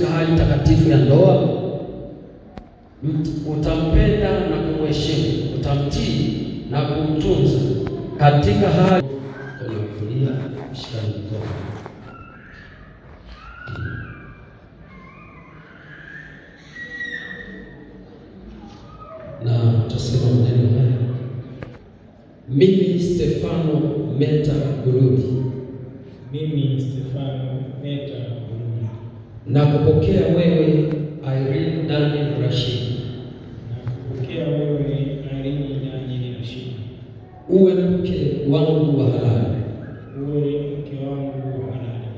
hali takatifu ya ndoa, utampenda na kumheshimu, utamtii na kumtunza katika hali kulia, kushikana mikono. Na utasema maneno haya: mimi Stefano Meta Gurudi, mimi Stefano Meta Gurudi na kupokea wewe Irene Daniel Rashid, na kupokea wewe Irene Daniel Rashid, uwe mke wangu wa halali, uwe mke wangu wa halali,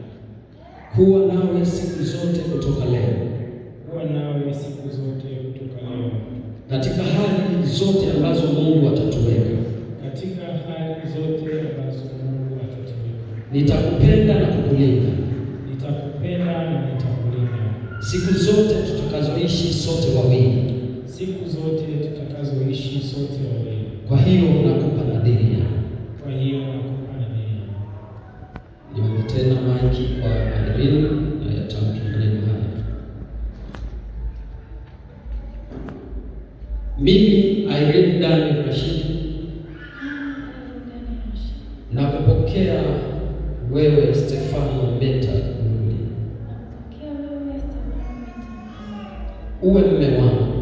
kuwa nawe siku zote kutoka leo, kuwa nawe siku zote kutoka leo, katika hali zote ambazo Mungu atatuweka, katika hali zote ambazo Mungu atatuweka, nitakupenda na kukulinda siku zote tutakazoishi sote wawili, siku zote tutakazoishi sote wawili. Kwa hiyo nakupa nadhiri yangu, kwa hiyo nakupa nadhiri yangu. Niwe tena maiki kwa Irene na yatamke maneno haya. Mimi Irene Daniel Rashid nakupokea wewe Stefano Mbeta uwe mme wangu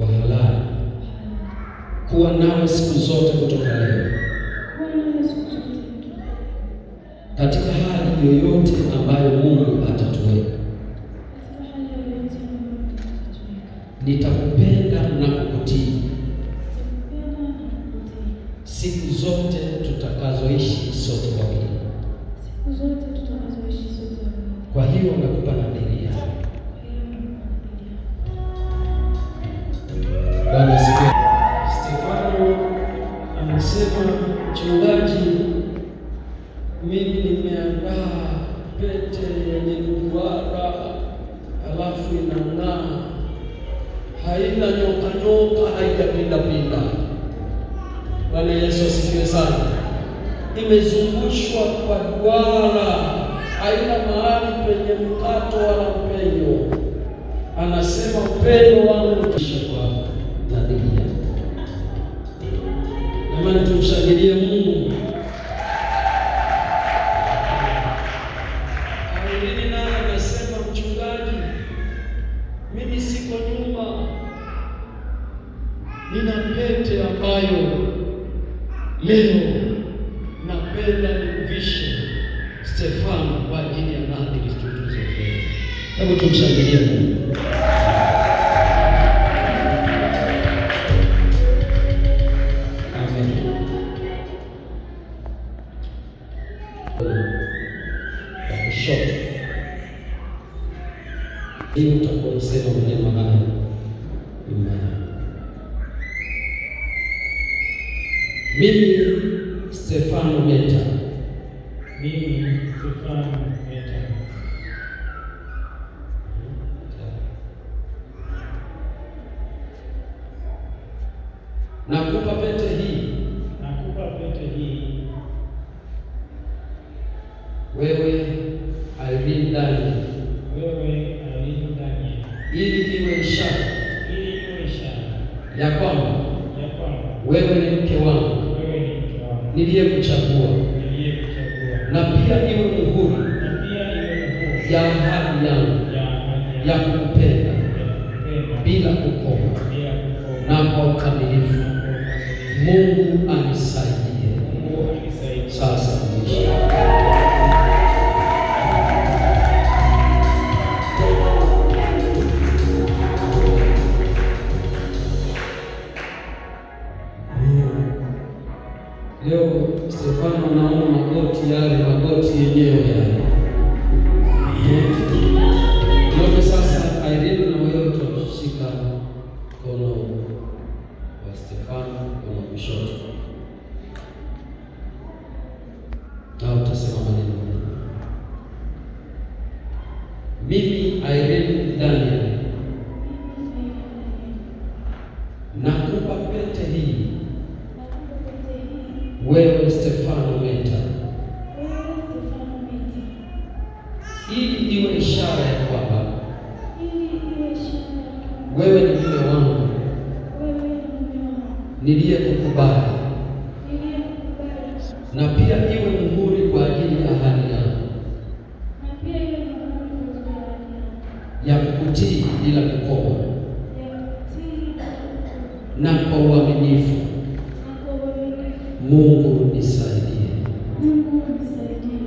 wa halali, kuwa nawe siku zote kutoka leo, katika hali yoyote ambayo Mungu atatuweka. Nitakupenda na kukutii siku zote tutakazoishi sote wawili. Kwa hiyo nakupa nadharia barafu inang'aa, haina nyoka nyoka, haijapindapinda. Bwana Yesu asifiwe sana. Imezungushwa kwa duara, haina mahali penye mkato wala upenyo. Anasema upenyo wangu utaisha kwa yako. Jamani, tumshangilie Mungu. Kristo nyuma, nina pete ambayo leo napenda nimvishe Stefano kwa ajili ya nadhiri tulizopewa. Hebu tumshangilie Mungu. Amen hii utakuwa msema maneno nyuma Mimi Stefano Meta, mimi Stefano Meta nakupa pete hii, nakupa pete hii wewe Irene ili iwe ishara ya kwamba wewe ni mke wangu niliyekuchagua, na pia iwe uhuru ya ahadi yangu ya kukupenda bila kukoma na kwa ukamilifu. Mungu anisaidie. Leo Stefano anaona magoti yale, magoti yenyewe yale yote. Sasa Irene na wewe tutashika mkono wa Stefano, mkono kushoto, na utasema maneno mimi Irene Daniel nakupa pete hii wewe Stefano Meta, ili iwe ishara ya kwamba wewe ni mume wangu niliyekukubali, na pia iwe muhuri kwa ajili ya ahadi yangu ya kukutii bila kukoma na kwa uaminifu Mungu nisaidie. Mungu nisaidie.